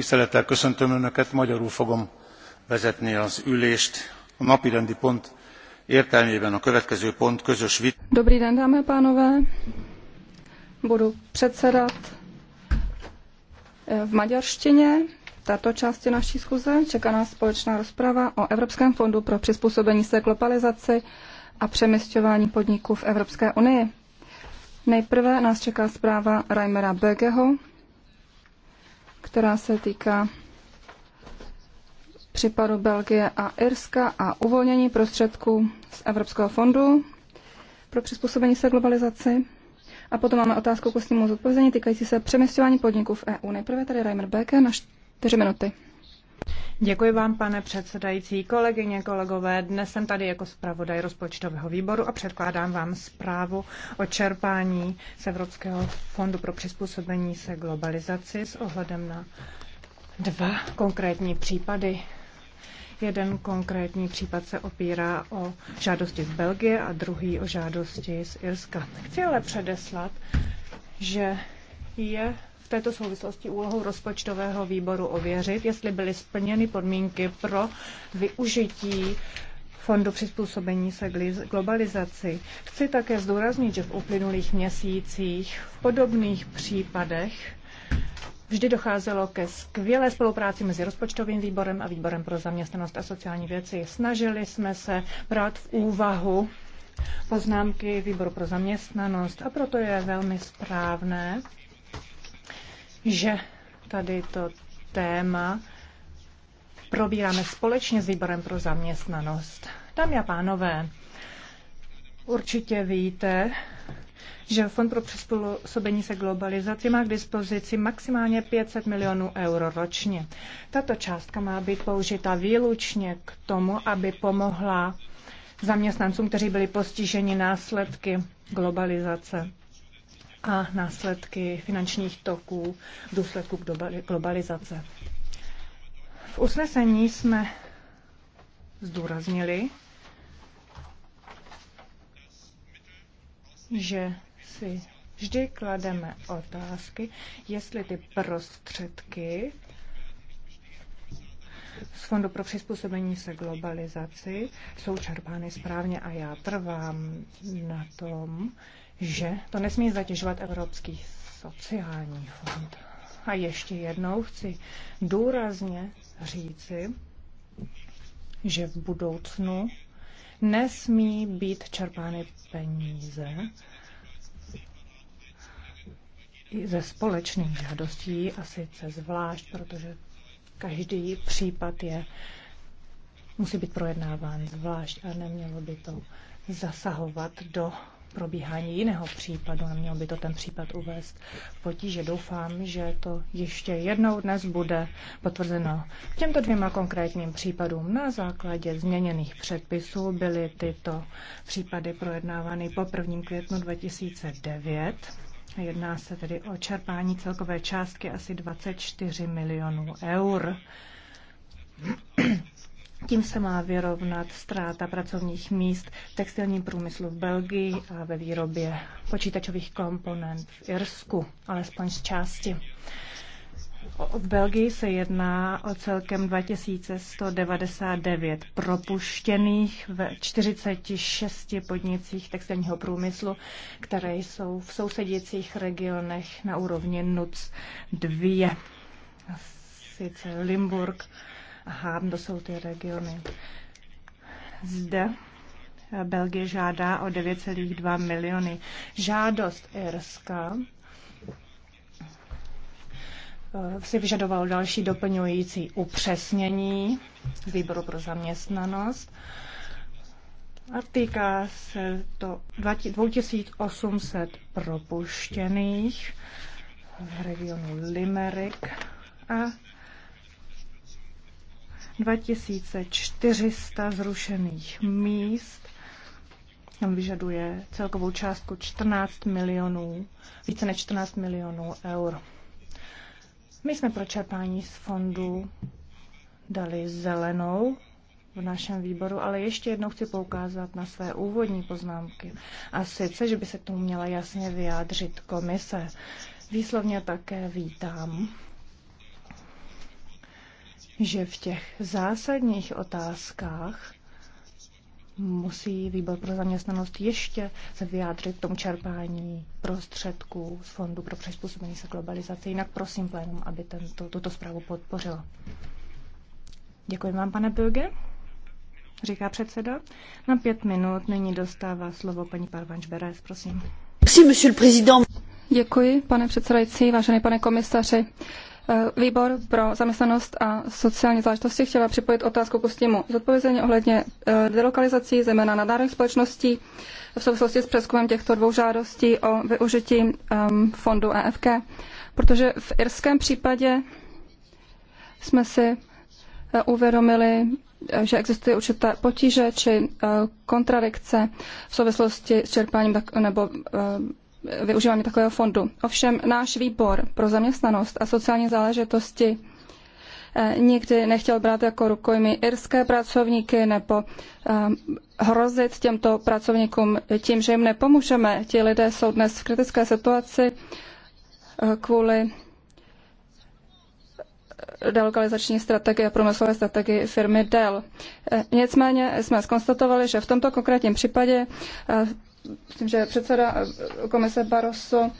tisztelettel köszöntöm önöket magyarul fogom vezetni az ülést. a napirendi pont értelmében a következő pont közös vita. Dobrý den, dámy a pánové. Budu předsedat eh, v maďarštině této části naší schůze. Čeká nás společná rozprava o Evropském fondu pro přizpůsobení se globalizaci a přemysťování podniků v Evropské unii. Nejprve nás čeká zpráva Reimera Bögeho která se týká případu Belgie a Irska a uvolnění prostředků z Evropského fondu pro přizpůsobení se globalizaci. A potom máme otázku k ústnímu zodpovězení týkající se přeměstňování podniků v EU. Nejprve tady Reimer Becker na 4 minuty. Děkuji vám, pane předsedající, kolegyně, kolegové. Dnes jsem tady jako zpravodaj rozpočtového výboru a předkládám vám zprávu o čerpání z Evropského fondu pro přizpůsobení se globalizaci s ohledem na dva konkrétní případy. Jeden konkrétní případ se opírá o žádosti z Belgie a druhý o žádosti z Irska. Chci ale předeslat, že je této souvislosti úlohou rozpočtového výboru ověřit, jestli byly splněny podmínky pro využití Fondu přizpůsobení se globalizaci. Chci také zdůraznit, že v uplynulých měsících v podobných případech vždy docházelo ke skvělé spolupráci mezi rozpočtovým výborem a výborem pro zaměstnanost a sociální věci. Snažili jsme se brát v úvahu poznámky výboru pro zaměstnanost a proto je velmi správné, že tady to téma probíráme společně s výborem pro zaměstnanost. Dámy a pánové, určitě víte, že Fond pro přizpůsobení se globalizaci má k dispozici maximálně 500 milionů euro ročně. Tato částka má být použita výlučně k tomu, aby pomohla zaměstnancům, kteří byli postiženi následky globalizace a následky finančních toků v důsledku globalizace. V usnesení jsme zdůraznili, že si vždy klademe otázky, jestli ty prostředky z Fondu pro přizpůsobení se globalizaci jsou čerpány správně a já trvám na tom, že to nesmí zatěžovat Evropský sociální fond. A ještě jednou chci důrazně říci, že v budoucnu nesmí být čerpány peníze ze společných žádostí a sice zvlášť, protože každý případ je, musí být projednáván zvlášť a nemělo by to zasahovat do probíhání jiného případu, neměl by to ten případ uvést potíže. Doufám, že to ještě jednou dnes bude potvrzeno. K těmto dvěma konkrétním případům na základě změněných předpisů byly tyto případy projednávány po 1. květnu 2009. Jedná se tedy o čerpání celkové částky asi 24 milionů eur. Tím se má vyrovnat ztráta pracovních míst v textilním průmyslu v Belgii a ve výrobě počítačových komponent v Irsku, alespoň z části. V Belgii se jedná o celkem 2199 propuštěných ve 46 podnicích textilního průmyslu, které jsou v sousedících regionech na úrovni NUC 2, sice Limburg, Hám, to jsou ty regiony. Zde Belgie žádá o 9,2 miliony. Žádost Irska eh, si vyžadoval další doplňující upřesnění výboru pro zaměstnanost a týká se to 2800 propuštěných v regionu Limerick a 2400 zrušených míst. Tam vyžaduje celkovou částku 14 milionů, více než 14 milionů eur. My jsme pro čerpání z fondu dali zelenou v našem výboru, ale ještě jednou chci poukázat na své úvodní poznámky. A sice, že by se k tomu měla jasně vyjádřit komise. Výslovně také vítám že v těch zásadních otázkách musí výbor pro zaměstnanost ještě se vyjádřit k tomu čerpání prostředků z Fondu pro přizpůsobení se globalizaci. Jinak prosím plénum, aby tento, tuto zprávu podpořila. Děkuji vám, pane Böge, říká předseda. Na pět minut nyní dostává slovo paní Parvanč Beres, prosím. Děkuji, pane předsedající, vážený pane komisaři. Eh, výbor pro zaměstnanost a sociální záležitosti chtěla připojit otázku k ústnímu zodpovězení ohledně eh, delokalizací, zejména nadnárodních společností, v souvislosti s přeskumem těchto dvou žádostí o využití ehm, fondu EFK, protože v irském případě jsme si eh, uvědomili, že existují určité potíže či kontradikce v souvislosti s čerpáním nebo využívání takového fondu. Ovšem náš výbor pro zaměstnanost a sociální záležitosti eh, nikdy nechtěl brát jako rukojmí irské pracovníky nebo eh, hrozit těmto pracovníkům tím, že jim nepomůžeme. Ti lidé jsou dnes v kritické situaci eh, kvůli delokalizační strategie a průmyslové strategie firmy Dell. Nicméně jsme skonstatovali, že v tomto konkrétním případě myslím, že předseda eh, komise Barroso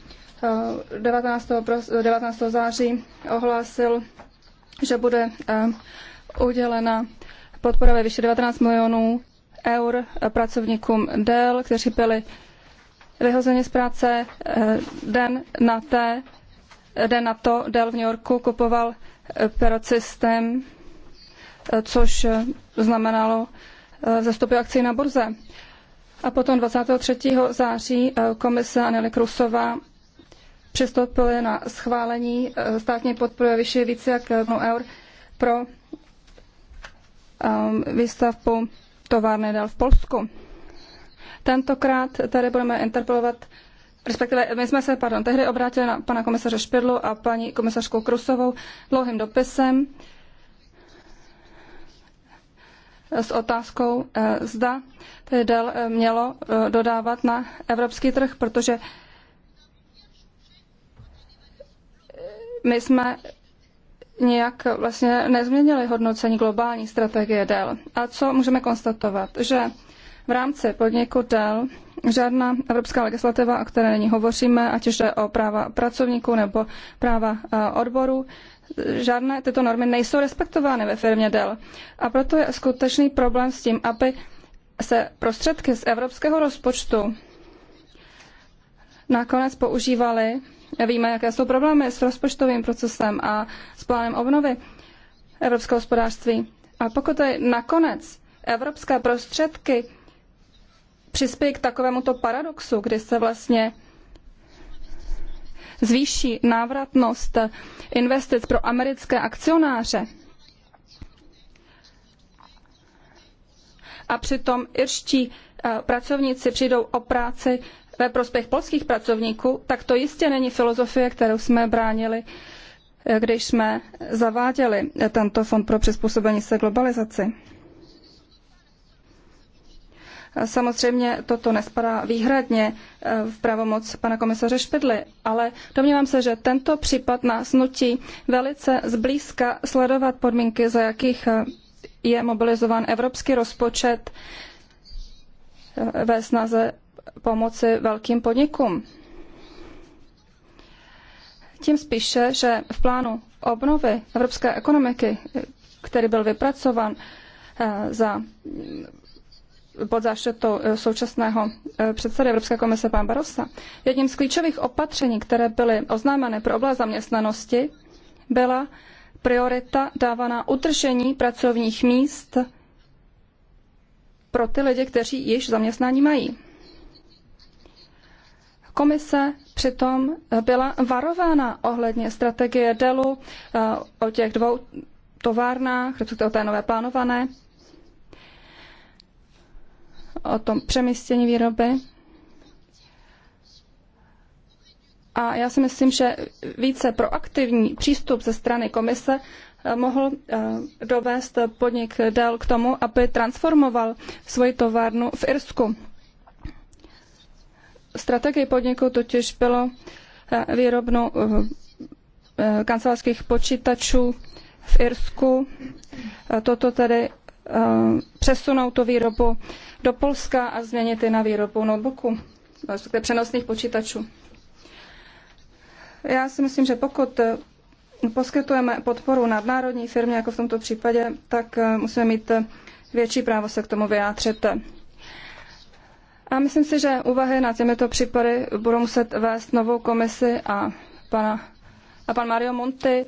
19. Eh, 19. Eh, září ohlásil, že bude udělena podpora ve výši 19 milionů eur pracovníkům DEL, kteří byli vyhozeni z práce den na, té, den na to. DEL v New Yorku kupoval perocystem, což znamenalo zastupy akcí na burze. A potom 23. září eh, komise Anely Krusová přistoupily na schválení eh, státní podpory vyšší více jak 1 eur pro ehm, výstavbu továrny dal v Polsku. Tentokrát tady budeme interpelovat, respektive my jsme se, pardon, tehdy obrátili na pana komisaře Špidlu a paní komisařku Krusovou dlouhým dopisem, s otázkou, eh, zda tedy Dell eh, mělo eh, dodávat na evropský trh, protože my jsme nějak vlastně nezměnili hodnocení globální strategie Dell. A co můžeme konstatovat? Že v rámci podniku Dell žádná evropská legislativa, o které nyní hovoříme, ať už jde o práva pracovníků nebo práva odborů, žádné tyto normy nejsou respektovány ve firmě Dell. A proto je skutečný problém s tím, aby se prostředky z evropského rozpočtu nakonec používaly. Víme, jaké jsou problémy s rozpočtovým procesem a s plánem obnovy evropského hospodářství. A pokud tady nakonec evropské prostředky přispějí k takovémuto paradoxu, kdy se vlastně zvýší návratnost investic pro americké akcionáře, a přitom irští eh, pracovníci přijdou o práci ve prospěch polských pracovníků, tak to jistě není filozofie, kterou jsme bránili, eh, když jsme zaváděli tento fond pro přizpůsobení se globalizaci. Samozřejmě toto nespadá výhradně eh, v pravomoc pana komisaře Špidly, ale domnívám se, že tento případ nás nutí velice zblízka sledovat podmínky, za jakých eh, je mobilizován evropský rozpočet eh, ve snaze pomoci velkým podnikům. Tím spíše, že v plánu obnovy evropské ekonomiky, který byl vypracovan za pod záštitou eh, současného eh, předsedy Evropské komise pán Barosa, jedním z klíčových opatření, které byly oznámeny pro oblast zaměstnanosti, byla priorita dávaná utržení pracovních míst pro ty lidi, kteří již zaměstnání mají. Komise přitom byla varována ohledně strategie DELu eh, o těch dvou továrnách, respektive o té nové plánované, o tom přemístění výroby. A já si myslím, že více proaktivní přístup ze strany komise eh, mohl eh, dovést podnik Dell k tomu, aby transformoval svoji továrnu v Irsku. Strategie podniku totiž bylo eh, výrobnu kancelářských počítačů v Irsku. Toto tedy přesunout tu výrobu do Polska a změnit je na výrobu notebooku, respektive přenosných počítačů. Já si myslím, že pokud poskytujeme podporu nadnárodní firmě, jako v tomto případě, tak eh, musíme mít větší právo se k tomu vyjádřit. A myslím si, že úvahy na těmito případy budou muset vést novou komisi a, pana, a pan Mario Monti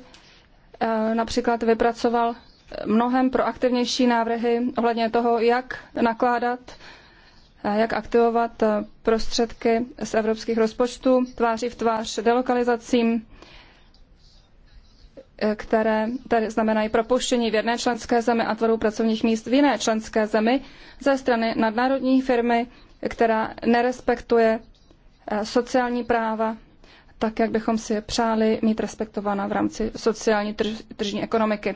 eh, například vypracoval mnohem proaktivnější návrhy ohledně toho, jak nakládat, jak aktivovat prostředky z evropských rozpočtů tváří v tvář delokalizacím, které tady znamenají propuštění v jedné členské zemi a tvorbu pracovních míst v jiné členské zemi ze strany nadnárodní firmy, která nerespektuje eh, sociální práva, tak jak bychom si je přáli mít respektována v rámci sociální tržní ekonomiky.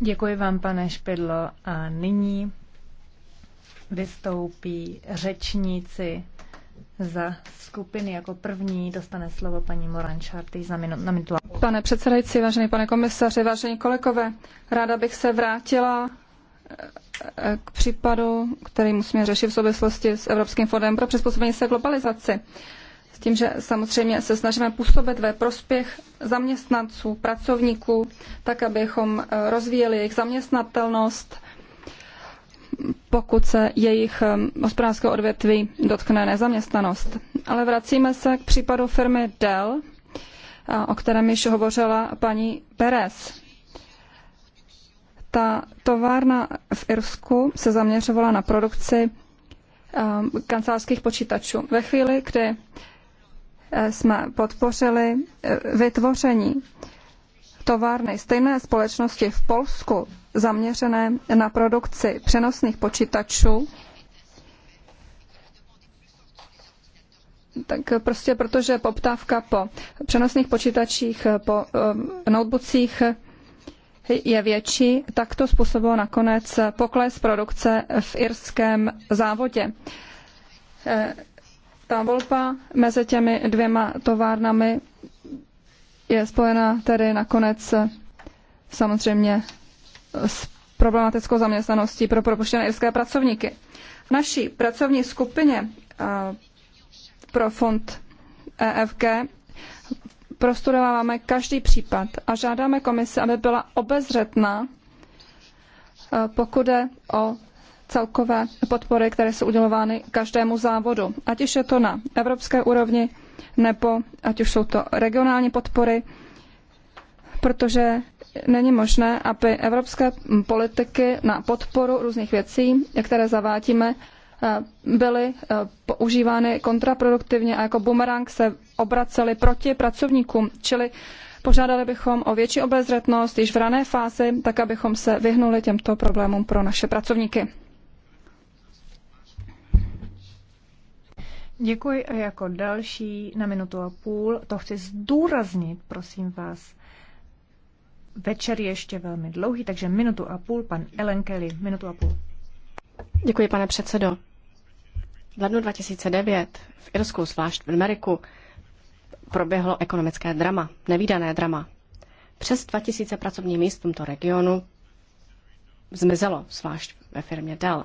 Děkuji vám, pane Špidlo. A nyní vystoupí řečníci za skupiny. Jako první dostane slovo paní Moran Šarty za minutu. Pane předsedající, vážený pane komisaři, vážení kolegové, ráda bych se vrátila eh, eh, k případu, který musíme řešit v souvislosti s Evropským fondem pro přizpůsobení se globalizaci s tím, že samozřejmě se snažíme působit ve prospěch zaměstnanců, pracovníků, tak, abychom eh, rozvíjeli jejich zaměstnatelnost, pokud se jejich eh, hospodářského odvětví dotkne nezaměstnanost. Ale vracíme se k případu firmy Dell, eh, o kterém již hovořila paní Perez. Ta továrna v Irsku se zaměřovala na produkci kancelářských počítačů. Ve chvíli, kdy Eh, jsme podpořili eh, vytvoření továrny stejné společnosti v Polsku zaměřené na produkci přenosných počítačů, tak prostě protože poptávka po přenosných počítačích, po eh, notebookcích je větší, tak to způsobilo nakonec pokles produkce v irském závodě ta volba mezi těmi dvěma továrnami je spojena tedy nakonec eh, samozřejmě eh, s problematickou zaměstnaností pro propuštěné irské pracovníky. V naší pracovní skupině eh, pro fond EFG prostudováváme každý případ a žádáme komisi, aby byla obezřetná, pokud je o celkové podpory, které jsou udělovány každému závodu. Ať už je to na evropské úrovni, nebo ať už jsou to regionální podpory, protože není možné, aby evropské politiky na podporu různých věcí, které zavádíme, eh, byly eh, používány kontraproduktivně a jako bumerang se obracely proti pracovníkům, čili Požádali bychom o větší obezřetnost již v rané fázi, tak abychom se vyhnuli těmto problémům pro naše pracovníky. Děkuji a jako další na minutu a půl, to chci zdůraznit, prosím vás, večer je ještě velmi dlouhý, takže minutu a půl, pan Ellen Kelly, minutu a půl. Děkuji, pane předsedo. V lednu 2009 v Irsku, zvlášť v Ameriku, proběhlo ekonomické drama, nevýdané drama. Přes 2000 pracovních míst v tomto regionu zmizelo, zvlášť ve firmě Dell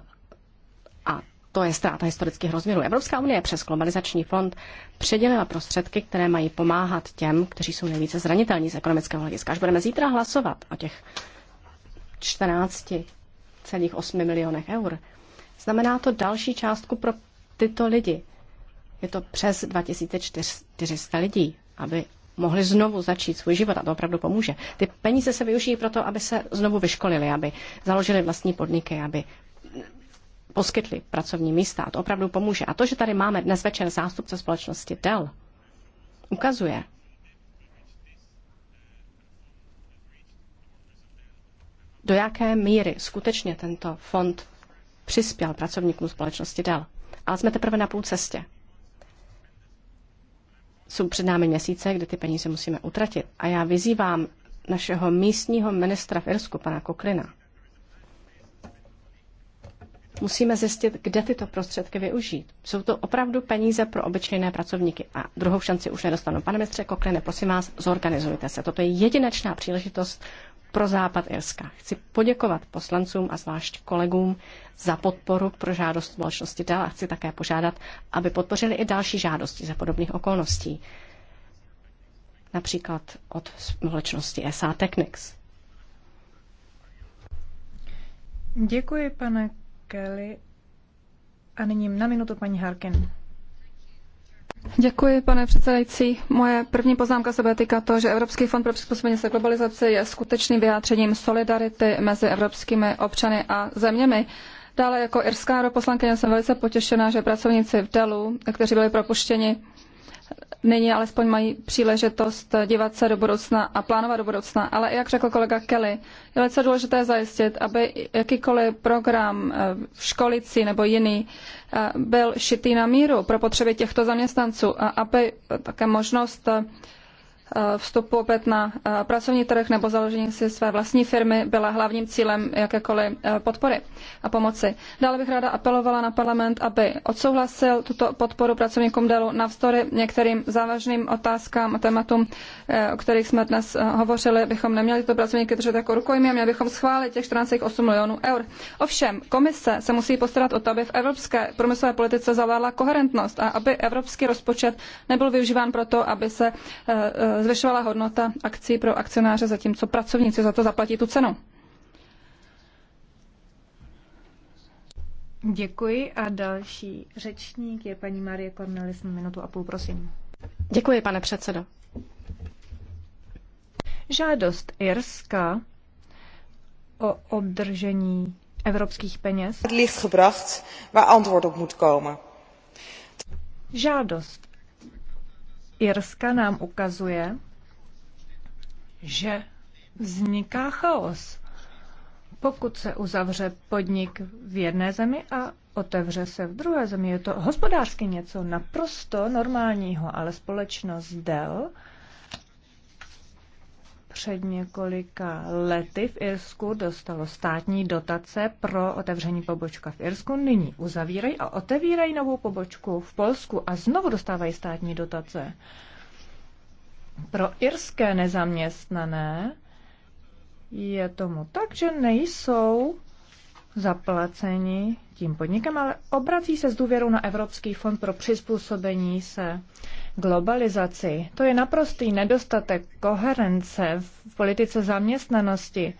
to je ztráta historických rozměrů. Evropská unie přes globalizační fond předělila prostředky, které mají pomáhat těm, kteří jsou nejvíce zranitelní z ekonomického hlediska. Až budeme zítra hlasovat o těch 14,8 milionech eur, znamená to další částku pro tyto lidi. Je to přes 2400 lidí, aby mohli znovu začít svůj život a to opravdu pomůže. Ty peníze se využijí proto, aby se znovu vyškolili, aby založili vlastní podniky, aby poskytli pracovní místa. A to opravdu pomůže. A to, že tady máme dnes večer zástupce společnosti Dell, ukazuje, do jaké míry skutečně tento fond přispěl pracovníkům společnosti Dell. Ale jsme teprve na půl cestě. Jsou před námi měsíce, kde ty peníze musíme utratit. A já vyzývám našeho místního ministra v Irsku, pana Koklina, musíme zjistit, kde tyto prostředky využít. Jsou to opravdu peníze pro obyčejné pracovníky a druhou šanci už nedostanou. Pane mistře Koklene, prosím vás, zorganizujte se. Toto je jedinečná příležitost pro západ Irska. Chci poděkovat poslancům a zvlášť kolegům za podporu pro žádost společnosti dál a chci také požádat, aby podpořili i další žádosti za podobných okolností. Například od společnosti SA Technics. Děkuji, pane Kelly. A nyní na minutu paní Harkin. Děkuji, pane předsedající. Moje první poznámka se bude týkat toho, že Evropský fond pro přizpůsobení se globalizaci je skutečným vyjádřením solidarity mezi evropskými občany a zeměmi. Dále jako irská poslankyně jsem velice potěšená, že pracovníci v Delu, kteří byli propuštěni nyní alespoň mají příležitost dívat se do budoucna a plánovat do budoucna. Ale jak řekl kolega Kelly, je velice důležité zajistit, aby jakýkoliv program eh, školicí nebo jiný eh, byl šitý na míru pro potřeby těchto zaměstnanců a aby také možnost eh, vstupu opět na eh, pracovní trh nebo založení si své vlastní firmy byla hlavním cílem jakékoliv eh, podpory a pomoci. Dále bych ráda apelovala na parlament, aby odsouhlasil tuto podporu pracovníkům delu navzdory některým závažným otázkám a tématům, eh, o kterých jsme dnes hovořili, bychom neměli to pracovníky držet jako rukojmí a měli bychom schválit těch 14,8 milionů eur. Ovšem, komise se musí postarat o to, aby v evropské průmyslové politice zavládla koherentnost a aby evropský rozpočet nebyl využíván proto, aby se zvyšovala hodnota akcí pro akcionáře, zatímco pracovníci za to zaplatí tu cenu. Děkuji a další řečník je paní Marie Kornelis na minutu a půl, prosím. Děkuji, pane předsedo. Žádost Irska o obdržení evropských peněz. licht gebracht, waar antwoord op moet komen. Žádost Irska nám ukazuje, že vzniká chaos, pokud se uzavře podnik v jedné zemi a otevře se v druhé zemi. Je to hospodářsky něco naprosto normálního, ale společnost Dell před několika lety v Irsku dostalo státní dotace pro otevření pobočka v Irsku. Nyní uzavírají a otevírají novou pobočku v Polsku a znovu dostávají státní dotace. Pro irské nezaměstnané je tomu tak, že nejsou zaplaceni tím podnikem, ale obrací se s důvěrou na Evropský fond pro přizpůsobení se globalizaci. To je naprostý nedostatek koherence v politice zaměstnanosti.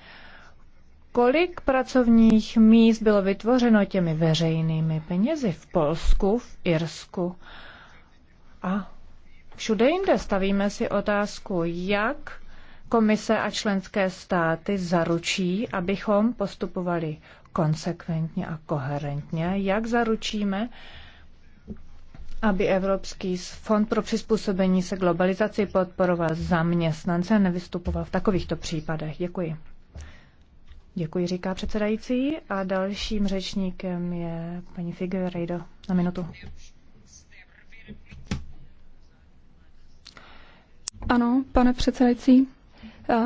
Kolik pracovních míst bylo vytvořeno těmi veřejnými penězi v Polsku, v Irsku a všude jinde stavíme si otázku, jak komise a členské státy zaručí, abychom postupovali konsekventně a koherentně, jak zaručíme, aby Evropský fond pro přizpůsobení se globalizaci podporoval zaměstnance a nevystupoval v takovýchto případech. Děkuji. Děkuji, říká předsedající. A dalším řečníkem je paní Figueiredo na minutu. Ano, pane předsedající, eh,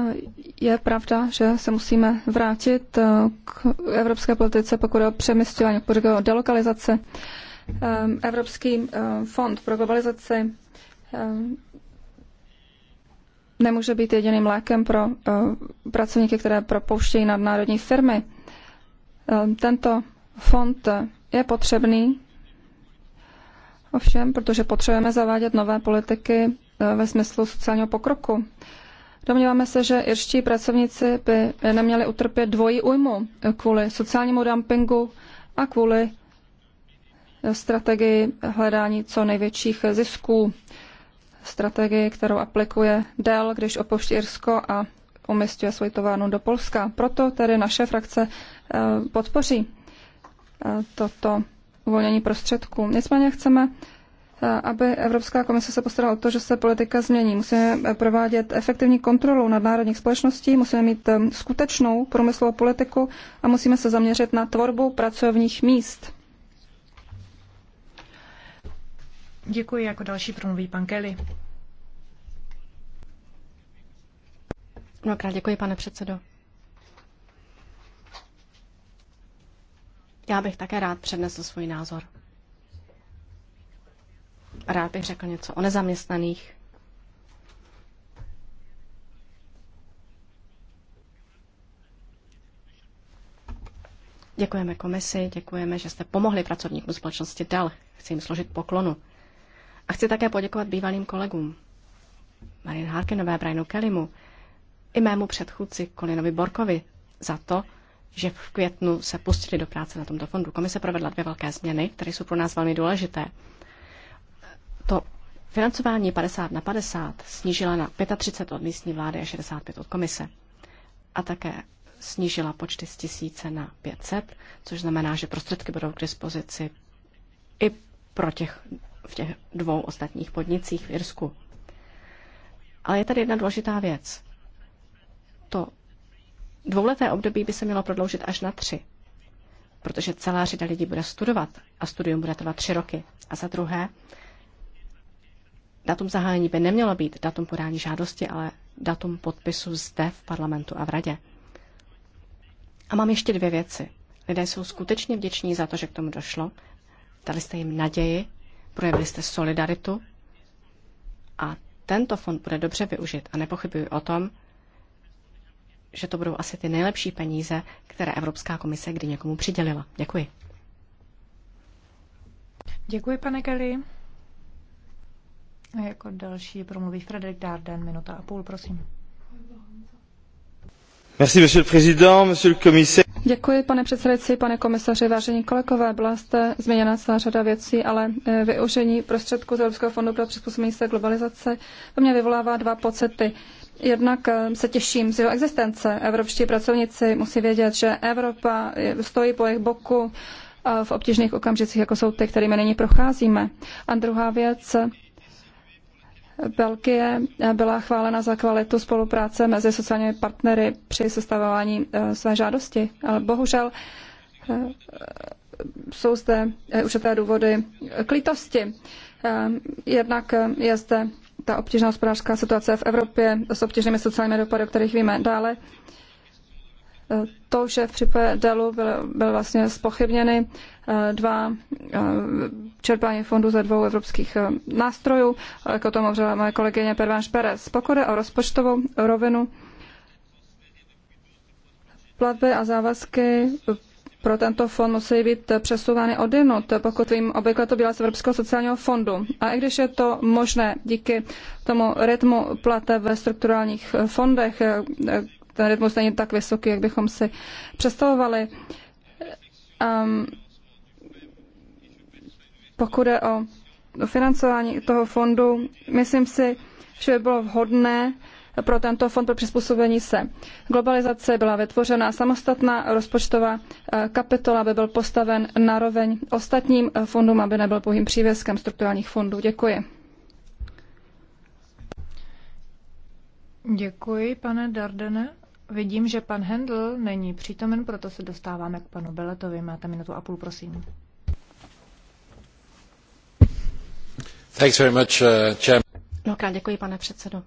je pravda, že se musíme vrátit eh, k evropské politice, pokud je o přemysťování, pokud je o delokalizace. Ehm, Evropský ehm, fond pro globalizaci ehm, nemůže být jediným lékem pro pracovníky, které propouštějí nadnárodní firmy. Tento fond je potřebný, ovšem, protože potřebujeme zavádět nové politiky ve smyslu sociálního pokroku. Domníváme se, že irští pracovníci by neměli utrpět dvojí újmu eh, kvůli sociálnímu dumpingu a kvůli strategii hledání co největších zisků, strategii, kterou aplikuje Dell, když opouští Irsko a umistuje svoji továrnu do Polska. Proto tedy naše frakce eh, podpoří eh, toto uvolnění prostředků. Nicméně chceme, eh, aby Evropská komise se postarala o to, že se politika změní. Musíme provádět efektivní kontrolu nad národních společností, musíme mít skutečnou průmyslovou politiku a musíme se zaměřit na tvorbu pracovních míst. Děkuji. Jako další promluví pan Kelly. Mnohokrát děkuji, pane předsedo. Já bych také rád přednesl svůj názor. Rád bych řekl něco o nezaměstnaných. Děkujeme komisi, děkujeme, že jste pomohli pracovníkům společnosti DEL. Chci jim složit poklonu. A chci také poděkovat bývalým kolegům. Marin Harkinové, Brianu Kellymu i mému předchůdci Kolinovi Borkovi za to, že v květnu se pustili do práce na tomto fondu. Komise provedla dvě velké změny, které jsou pro nás velmi důležité. To financování 50 na 50 snížila na 35 od místní vlády a 65 od komise. A také snížila počty z tisíce na 500, což znamená, že prostředky budou k dispozici i pro těch v těch dvou ostatních podnicích v Irsku. Ale je tady jedna důležitá věc. To dvouleté období by se mělo prodloužit až na tři, protože celá řada lidí bude studovat a studium bude trvat tři roky. A za druhé, datum zahájení by nemělo být datum podání žádosti, ale datum podpisu zde v parlamentu a v radě. A mám ještě dvě věci. Lidé jsou skutečně vděční za to, že k tomu došlo. Dali jste jim naději projevili jste solidaritu a tento fond bude dobře využit a nepochybuji o tom, že to budou asi ty nejlepší peníze, které Evropská komise kdy někomu přidělila. Děkuji. Děkuji, pane Kelly. A jako další promluví Frederik Darden, minuta a půl, prosím. Merci, monsieur le président, monsieur le commissaire. Děkuji, pane předsedající, pane komisaři, vážení kolegové. Byla jste změněna celá řada věcí, ale e, využení prostředků z Evropského fondu pro přizpůsobení se globalizace to mě vyvolává dva pocity. Jednak e, se těším z jeho existence. Evropští pracovníci musí vědět, že Evropa e, stojí po jejich boku v obtížných okamžicích, jako jsou ty, kterými nyní procházíme. A druhá věc, Belgie byla chválena za kvalitu spolupráce mezi sociálními partnery při sestavování eh, své žádosti, ale bohužel eh, jsou zde eh, určité důvody k Jednak je zde ta obtížná hospodářská situace v Evropě s obtížnými sociálními dopady, o kterých víme dále to, že v případě Delu byly, byly vlastně spochybněny eh, dva eh, čerpání fondů ze dvou evropských eh, nástrojů, jako tomu hovořila moje kolegyně Pervanš Perez. Pokud je o rozpočtovou rovinu, platby a závazky pro tento fond musí být přesouvány odinut, pokud vím, obvykle to byla z Evropského sociálního fondu. A i když je to možné díky tomu rytmu plateb ve strukturálních fondech, ten rytmus není tak vysoký, jak bychom si představovali. Um, pokud je o financování toho fondu, myslím si, že by bylo vhodné pro tento fond pro přizpůsobení se globalizace byla vytvořena samostatná rozpočtová eh, kapitola, aby byl postaven naroveň ostatním fondům, aby nebyl pouhým přívěskem strukturálních fondů. Děkuji. Děkuji, pane Dardene. Vidím, že pan Hendl není přítomen, proto se dostáváme k panu Beletovi. Máte minutu a půl, prosím. Thanks very much, uh, krát děkuji, pane předsedo.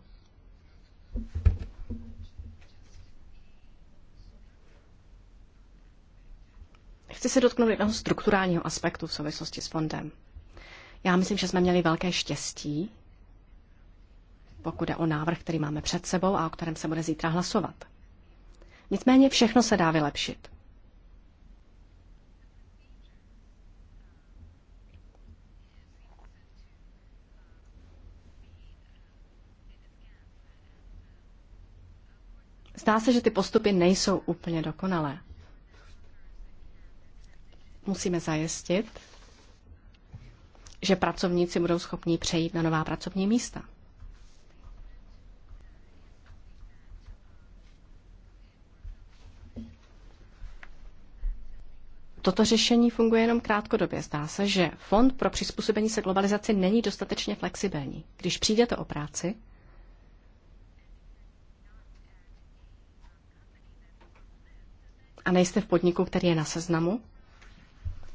Chci se dotknout jednoho strukturálního aspektu v souvislosti s fondem. Já myslím, že jsme měli velké štěstí, pokud je o návrh, který máme před sebou a o kterém se bude zítra hlasovat. Nicméně všechno se dá vylepšit. Zdá se, že ty postupy nejsou úplně dokonalé. Musíme zajistit, že pracovníci budou schopni přejít na nová pracovní místa. Toto řešení funguje jenom krátkodobě. Zdá se, že Fond pro přizpůsobení se globalizaci není dostatečně flexibilní. Když přijdete o práci, a nejste v podniku, který je na seznamu,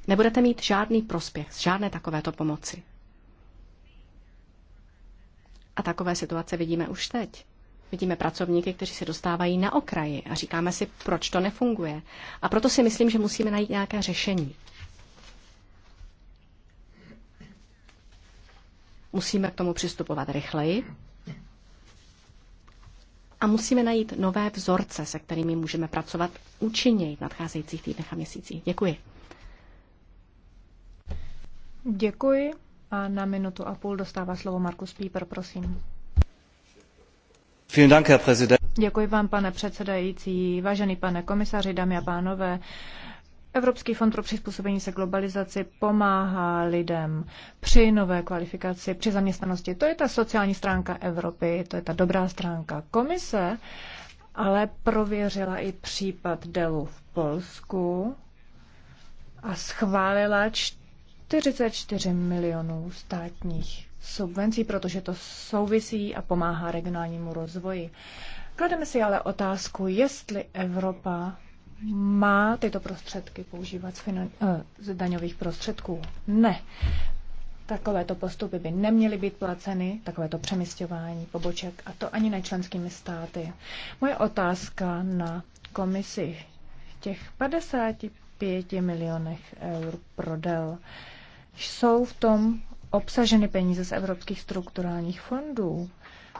nebudete mít žádný prospěch z žádné takovéto pomoci. A takové situace vidíme už teď. Vidíme pracovníky, kteří se dostávají na okraji a říkáme si, proč to nefunguje. A proto si myslím, že musíme najít nějaké řešení. Musíme k tomu přistupovat rychleji a musíme najít nové vzorce, se kterými můžeme pracovat účinněji v nadcházejících týdnech a měsících. Děkuji. Děkuji. A na minutu a půl dostává slovo Markus Píper, prosím. Děkuji vám, pane předsedající, vážený pane komisaři, dámy a pánové. Evropský fond pro přizpůsobení se globalizaci pomáhá lidem při nové kvalifikaci, při zaměstnanosti. To je ta sociální stránka Evropy, to je ta dobrá stránka komise, ale prověřila i případ Delu v Polsku a schválila 44 milionů státních subvencí, protože to souvisí a pomáhá regionálnímu rozvoji. Klademe si ale otázku, jestli Evropa má tyto prostředky používat z, finan- eh, z daňových prostředků. Ne. Takovéto postupy by neměly být placeny, takovéto přemysťování poboček, a to ani nečlenskými státy. Moje otázka na komisi těch 55 milionech eur prodel. Jsou v tom obsaženy peníze z evropských strukturálních fondů.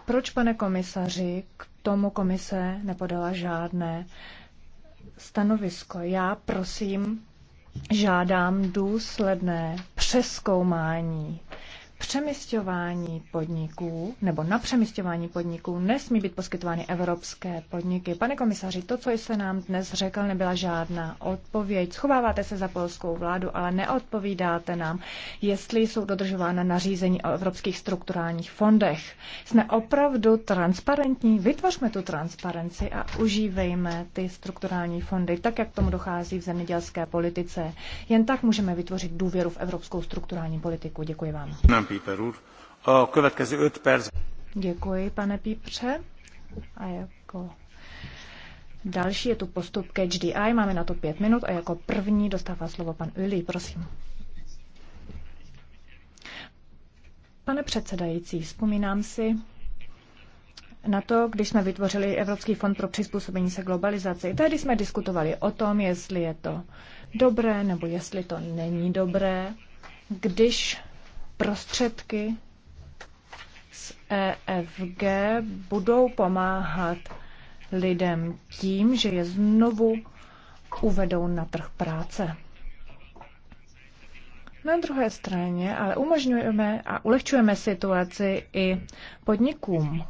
Proč, pane komisaři, k tomu komise nepodala žádné stanovisko? Já prosím, žádám důsledné přeskoumání přemysťování podniků nebo na přemysťování podniků nesmí být poskytovány evropské podniky. Pane komisaři, to, co jste nám dnes řekl, nebyla žádná odpověď. Schováváte se za polskou vládu, ale neodpovídáte nám, jestli jsou dodržována nařízení o evropských strukturálních fondech. Jsme opravdu transparentní, vytvořme tu transparenci a užívejme ty strukturální fondy, tak jak tomu dochází v zemědělské politice. Jen tak můžeme vytvořit důvěru v evropskou strukturální politiku. Děkuji vám. Děkuji, pane Pípře. A jako další je tu postup ke HDI. Máme na to pět minut a jako první dostává slovo pan Uli, prosím. Pane předsedající, vzpomínám si, na to, když jsme vytvořili Evropský fond pro přizpůsobení se globalizaci. Tehdy jsme diskutovali o tom, jestli je to dobré nebo jestli to není dobré, když prostředky z EFG budou pomáhat lidem tím, že je znovu uvedou na trh práce. Na druhé straně ale umožňujeme a ulehčujeme situaci i podnikům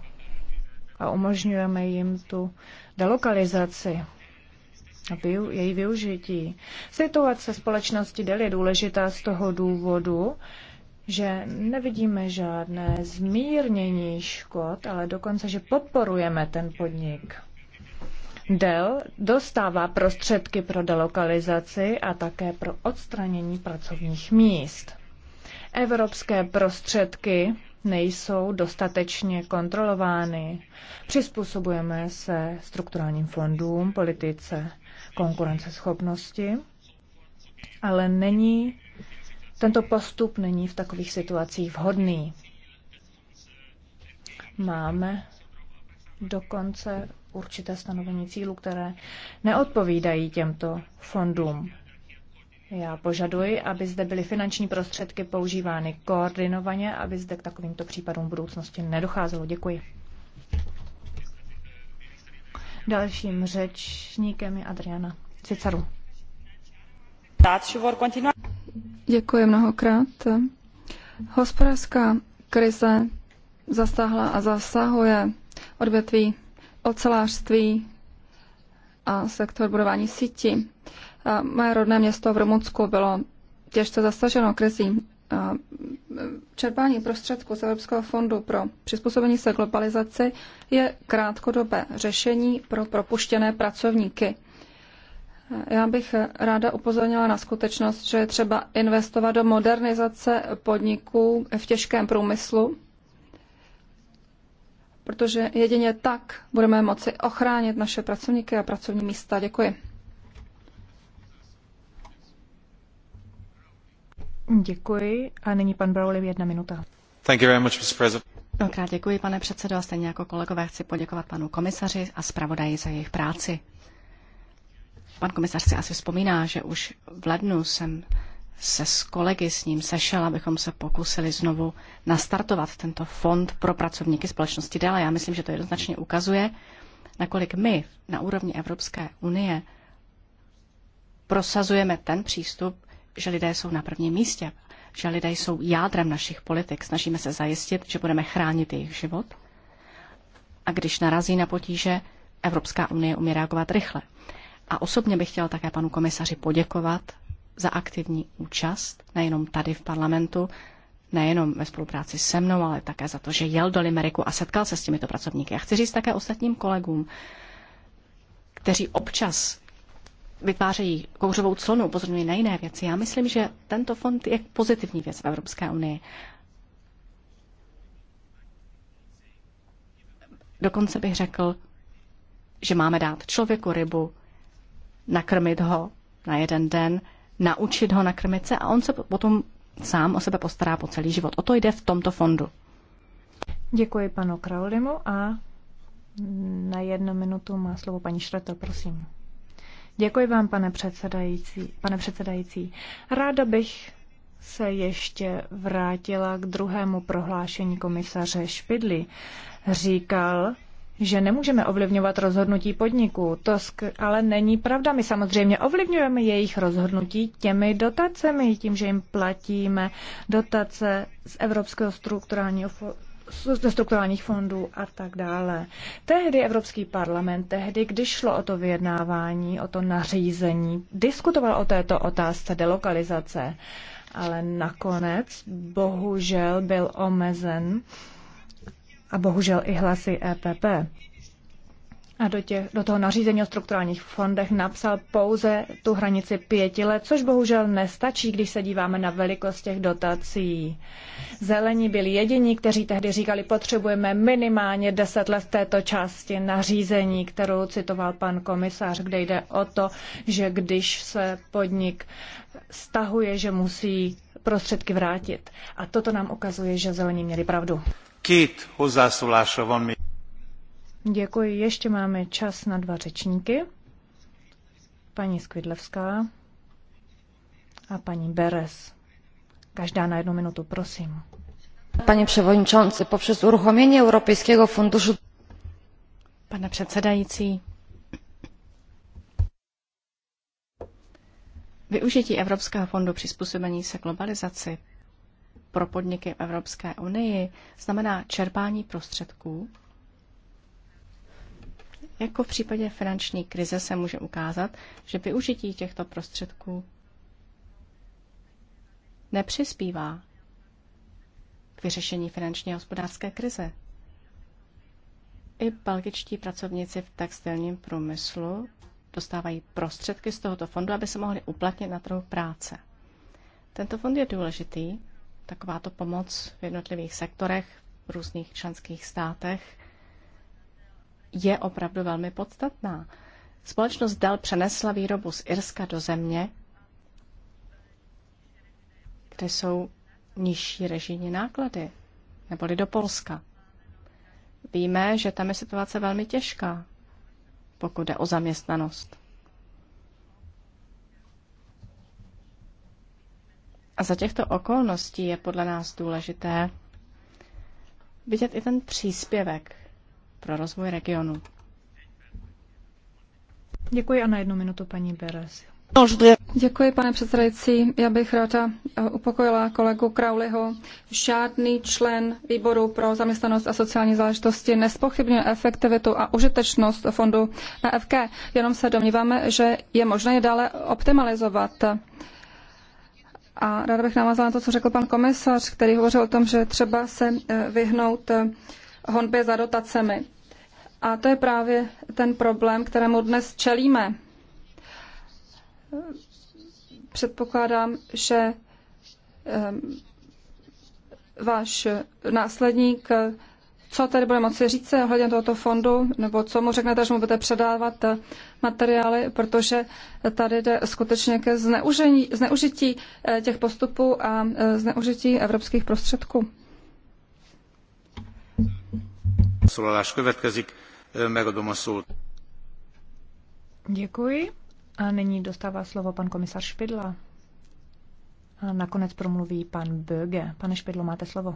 a umožňujeme jim tu delokalizaci a její využití. Situace společnosti DEL je důležitá z toho důvodu, že nevidíme žádné zmírnění škod, ale dokonce, že podporujeme ten podnik. Dell dostává prostředky pro delokalizaci a také pro odstranění pracovních míst. Evropské prostředky nejsou dostatečně kontrolovány. Přizpůsobujeme se strukturálním fondům, politice konkurenceschopnosti, ale není tento postup není v takových situacích vhodný. Máme dokonce určité stanovení cílů, které neodpovídají těmto fondům. Já požaduji, aby zde byly finanční prostředky používány koordinovaně, aby zde k takovýmto případům v budoucnosti nedocházelo. Děkuji. Dalším řečníkem je Adriana Cicaru. Děkuji mnohokrát. Hospodářská krize zasáhla a zasahuje odvětví ocelářství a sektor budování sítí. moje rodné město v Rumunsku bylo těžce zasaženo krizí. čerpání prostředků z Evropského fondu pro přizpůsobení se globalizaci je krátkodobé řešení pro propuštěné pracovníky. Já bych ráda upozornila na skutečnost, že je třeba investovat do modernizace podniků v těžkém průmyslu, protože jedině tak budeme moci ochránit naše pracovníky a pracovní místa. Děkuji. Děkuji. A nyní pan Browley, jedna minuta. Thank you very much, Mr. President. Mnohokrát děkuji, pane předsedo, a stejně jako kolegové chci poděkovat panu komisaři a zpravodaji za jejich práci. Pan komisař si asi vzpomíná, že už v lednu jsem se s kolegy s ním sešel, abychom se pokusili znovu nastartovat tento fond pro pracovníky společnosti déle. Já myslím, že to jednoznačně ukazuje, nakolik my na úrovni Evropské unie prosazujeme ten přístup, že lidé jsou na prvním místě, že lidé jsou jádrem našich politik. Snažíme se zajistit, že budeme chránit jejich život. A když narazí na potíže, Evropská unie umí reagovat rychle. A osobně bych chtěl také panu komisaři poděkovat za aktivní účast, nejenom tady v parlamentu, nejenom ve spolupráci se mnou, ale také za to, že jel do Limeriku a setkal se s těmito pracovníky. Já chci říct také ostatním kolegům, kteří občas vytvářejí kouřovou clonu, upozorňují na jiné věci. Já myslím, že tento fond je pozitivní věc v Evropské unii. Dokonce bych řekl, že máme dát člověku rybu nakrmit ho na jeden den, naučit ho nakrmit se a on se potom sám o sebe postará po celý život. O to jde v tomto fondu. Děkuji panu Kraulimu a na jednu minutu má slovo paní Šreta, prosím. Děkuji vám, pane předsedající. Pane předsedající. Ráda bych se ještě vrátila k druhému prohlášení komisaře Špidly. Říkal, že nemůžeme ovlivňovat rozhodnutí podniků. To ale není pravda. My samozřejmě ovlivňujeme jejich rozhodnutí těmi dotacemi, tím, že jim platíme dotace z Evropského strukturálního ze strukturálních fondů a tak dále. Tehdy Evropský parlament, tehdy, když šlo o to vyjednávání, o to nařízení, diskutoval o této otázce delokalizace, ale nakonec bohužel byl omezen uh, a bohužel i hlasy EPP. A do, těch, do toho nařízení o strukturálních fondech napsal pouze tu hranici pěti let, což bohužel nestačí, když se díváme na velikost těch dotací. Zelení byli jediní, kteří tehdy říkali, potřebujeme minimálně deset let této části nařízení, kterou citoval pan komisař, kde jde o to, že když se podnik stahuje, že musí prostředky vrátit. A toto nám ukazuje, že zelení měli pravdu. Két van még. Děkuji. Ještě máme čas na dva řečníky. Paní Skvidlevská a paní Beres. Každá na jednu minutu, prosím. Pane předsedající, popřes uruchomění Evropského funduszu... Pane předsedající, Využití Evropského fondu přizpůsobení se globalizaci pro podniky v Evropské unii znamená čerpání prostředků. Jako v případě finanční krize se může ukázat, že využití těchto prostředků nepřispívá k vyřešení finanční a hospodářské krize. I belgičtí pracovníci v textilním průmyslu dostávají prostředky z tohoto fondu, aby se mohli uplatnit na trhu práce. Tento fond je důležitý, takováto pomoc v jednotlivých sektorech, v různých členských státech je opravdu velmi podstatná. Společnost Dell přenesla výrobu z Irska do země, kde jsou nižší režijní náklady, neboli do Polska. Víme, že tam je situace velmi těžká, pokud jde o zaměstnanost. A za těchto okolností je podle nás důležité vidět i ten příspěvek pro rozvoj regionu. Děkuji a na jednu minutu paní Beres. Děkuji, pane předsedající. Já bych ráda eh, upokojila kolegu Krauliho. Žádný člen výboru pro zaměstnanost a sociální záležitosti nespochybňuje efektivitu a užitečnost fondu EFK. Jenom se domníváme, že je možné je dále optimalizovat. A ráda bych navázala na to, co řekl pan komisař, který hovořil o tom, že třeba se eh, vyhnout eh, honbě za dotacemi. A to je právě ten problém, kterému dnes čelíme. Předpokládám, že eh, váš následník co tady bude moci říct ohledně tohoto fondu, nebo co mu řeknete, že mu budete předávat eh, materiály, protože tady jde skutečně ke zneužení, zneužití eh, těch postupů a eh, zneužití evropských prostředků. Děkuji. A nyní dostává slovo pan komisař Špidla. A nakonec promluví pan Böge. Pane Špidlo, máte slovo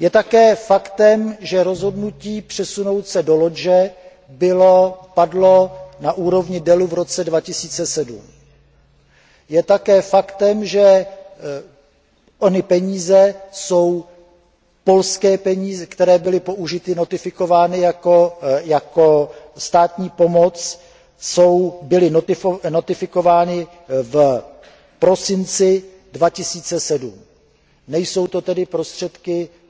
je také faktem že rozhodnutí přesunout se do lodže padlo na úrovni delu v roce. two thousand and seven je také faktem že e, ony peníze jsou polské peníze které byly použity notifikovány jako, e, jako státní pomoc byly notifikovány e, v prosinci two thousand and seven nejsou to tedy prostředky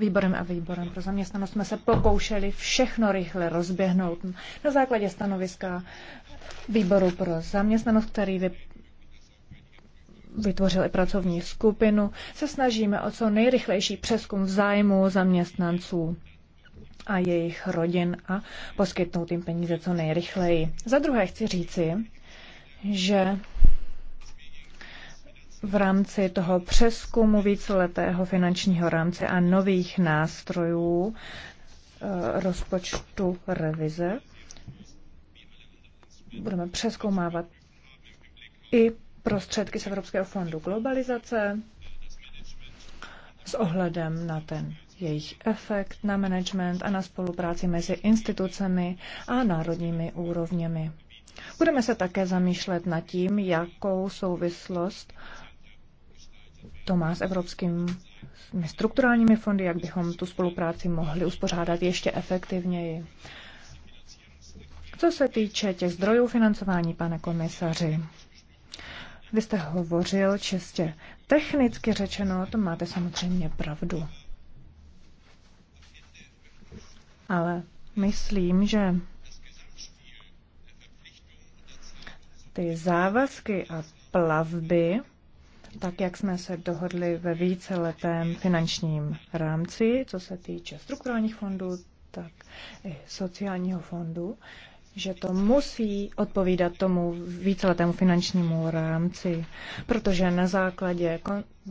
výborem a výborem pro zaměstnanost jsme se pokoušeli všechno rychle rozběhnout na základě stanoviska výboru pro zaměstnanost, který vy vytvořili pracovní skupinu, se snažíme o co nejrychlejší přeskum zájmu zaměstnanců a jejich rodin a poskytnout jim peníze co nejrychleji. Za druhé chci říci, že v rámci toho přeskumu víceletého finančního rámce a nových nástrojů eh, rozpočtu revize budeme přeskoumávat i prostředky z Evropského fondu globalizace s ohledem na ten jejich efekt na management a na spolupráci mezi institucemi a národními úrovněmi. Budeme se také zamýšlet nad tím, jakou souvislost to má s evropskými strukturálními fondy, jak bychom tu spolupráci mohli uspořádat ještě efektivněji. Co se týče těch zdrojů financování, pane komisaři, vy jste hovořil čistě technicky řečeno, to máte samozřejmě pravdu. Ale myslím, že ty závazky a plavby tak jak jsme se dohodli ve víceletém finančním rámci, co se týče strukturálních fondů, tak i sociálního fondu, že to musí odpovídat tomu víceletému finančnímu rámci, protože na základě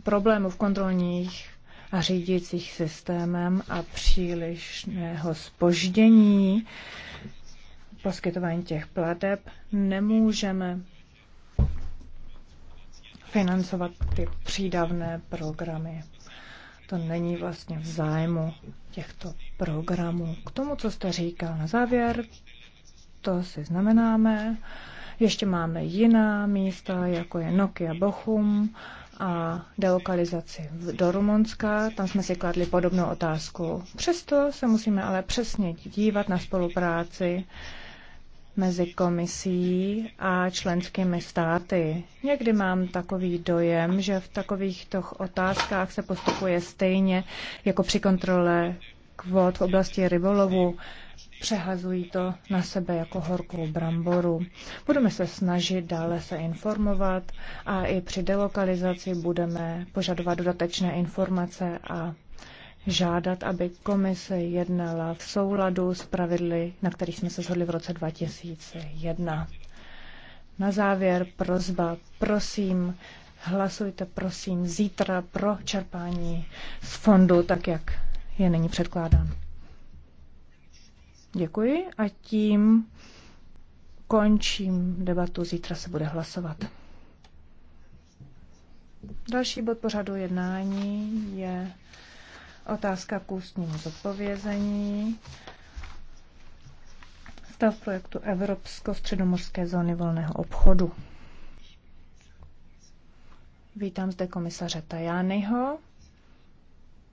problémů v kontrolních a řídících systémem a přílišného spoždění poskytování těch plateb nemůžeme financovat ty přídavné programy. To není vlastně v zájmu těchto programů. K tomu, co jste říkal na závěr, to si znamenáme. Ještě máme jiná místa, jako je Nokia Bochum a delokalizaci do Rumunska. Tam jsme si kladli podobnou otázku. Přesto se musíme ale přesně dívat na spolupráci mezi komisí a členskými státy. Někdy mám takový dojem, že v takovýchto otázkách se postupuje stejně jako při kontrole kvot v oblasti rybolovu. Přehazují to na sebe jako horkou bramboru. Budeme se snažit dále se informovat a i při delokalizaci budeme požadovat dodatečné informace a žádat, aby komise jednala v souladu s pravidly, na kterých jsme se shodli v roce 2001. Na závěr prozba, prosím, hlasujte prosím zítra pro čerpání z fondu, tak jak je nyní předkládán. Děkuji a tím končím debatu. Zítra se bude hlasovat. Další bod pořadu jednání je Otázka k ústnímu zodpovězení. Stav projektu Evropsko-středomorské zóny volného obchodu. Vítám zde komisaře Tajányho.